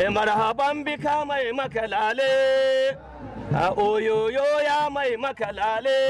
E marhaban bika mai makalale a oyoyo ya mai makalale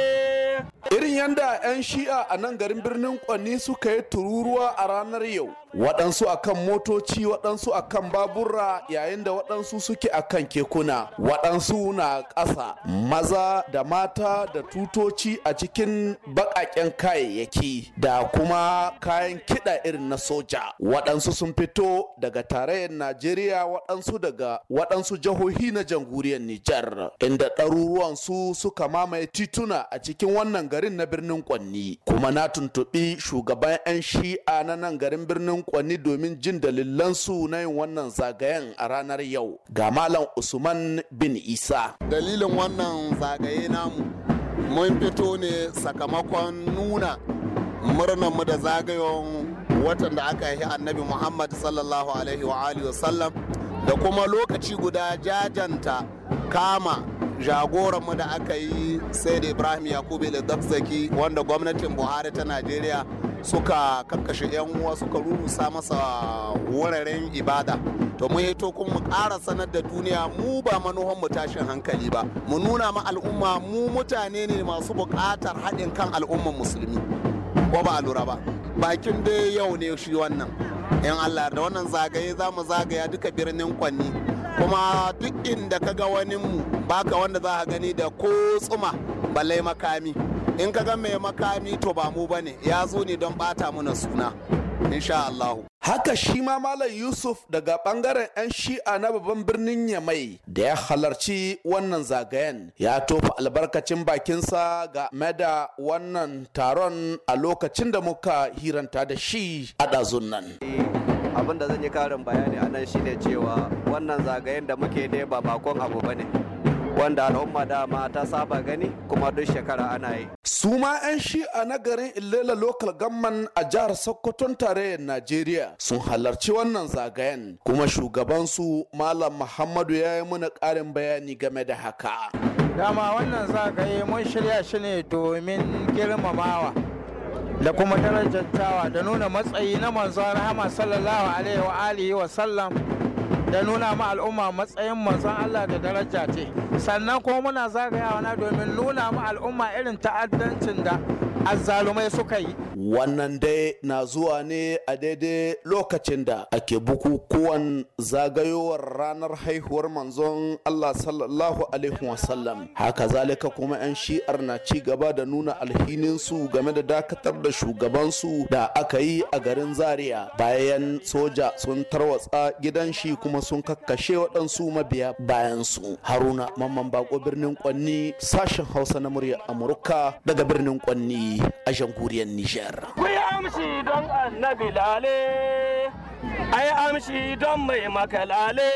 irin yadda 'yan shi'a a nan garin birnin kwanni suka yi tururuwa a ranar yau waɗansu akan motoci waɗansu akan babura yayin da waɗansu suke a kan kekuna waɗansu na ƙasa maza da mata da tutoci a cikin baƙaƙen kayayyaki da kuma kayan kiɗa irin na soja waɗansu sun fito daga tarayyar najeriya waɗansu daga waɗansu jihohi na jamhuriyar nijar inda ɗaruruwansu suka mamaye tituna a cikin wannan garin na birnin kwanni kuma na tuntuɓi shugaban 'yan shi'a na nan garin birnin kwanni domin jin dalilansu na yin wannan zagayen a ranar yau ga malam usman bin isa dalilin wannan zagaye namu mun fito ne sakamakon nuna murnanmu da zagayon watan da aka yi annabi muhammad sallallahu alaihi wa sallam da kuma lokaci guda jajanta kama jagoranmu da aka yi sai da ibrahim yakubu da dakzaki wanda gwamnatin buhari ta najeriya suka kakkashe 'yan uwa suka rurusa masa wuraren ibada to mu hito kuma mu ƙara sanar da duniya mu ba manuhan mu tashin hankali ba mu nuna ma al'umma mu mutane ne masu buƙatar haɗin kan al'umman musulmi ko ba a lura ba bakin dai yau ne shi wannan in allah da wannan zagaye za mu zagaya duka birnin kwanni kuma duk inda ka ga wani mu baka wanda za ka gani da ko tsuma balai makami in ka ga mai makami to ba mu bane ya zo ne don bata mana suna insha Allah haka shi ma malam yusuf daga bangaren 'yan shi'a na babban birnin yamai da ya halarci wannan zagayen ya tofa albarkacin bakinsa ga mada wannan taron a lokacin da muka hiranta da shi a ɗazun nan abin da zan yi karin bayani a nan shine cewa wannan zagayen da muke ne ba bakon abu bane wanda al'umma dama ta saba gani kuma duk shekara ana yi. su ma 'yan shi'a na garin illela local gamman a jihar sokoton tarayyar najeriya sun halarci wannan zagayen kuma shugabansu malam muhammadu ya yi mana karin bayani game da haka dama wannan zagaye mun shirya shi ne domin girmamawa da kuma darajantawa da nuna matsayi na manzon rahama sallallahu alaihi wa alihi wa sallam da nuna ma al'umma matsayin manzon Allah da daraja ce sannan kuma muna zagayawa na domin nuna ma al'umma irin ta'addancin da azzalumai suka yi Wannan dai na zuwa ne a daidai lokacin da ake bukukuwan zagayowar ranar haihuwar manzon Allah sallallahu Alaihi wasallam. Haka zalika kuma 'yan shi'ar na ci gaba da nuna alhininsu game da dakatar da shugabansu da aka yi a garin Zaria bayan soja sun tarwatsa gidan shi kuma sun kakkashe waɗansu mabiya bayansu. Haruna Mamman Bako birnin Kwanni sashen Hausa na murya Amurka daga birnin Kwanni a jamhuriyar Nijar. Nijar. Ku yi amshi don annabi lale, ai amshi don mai makalale.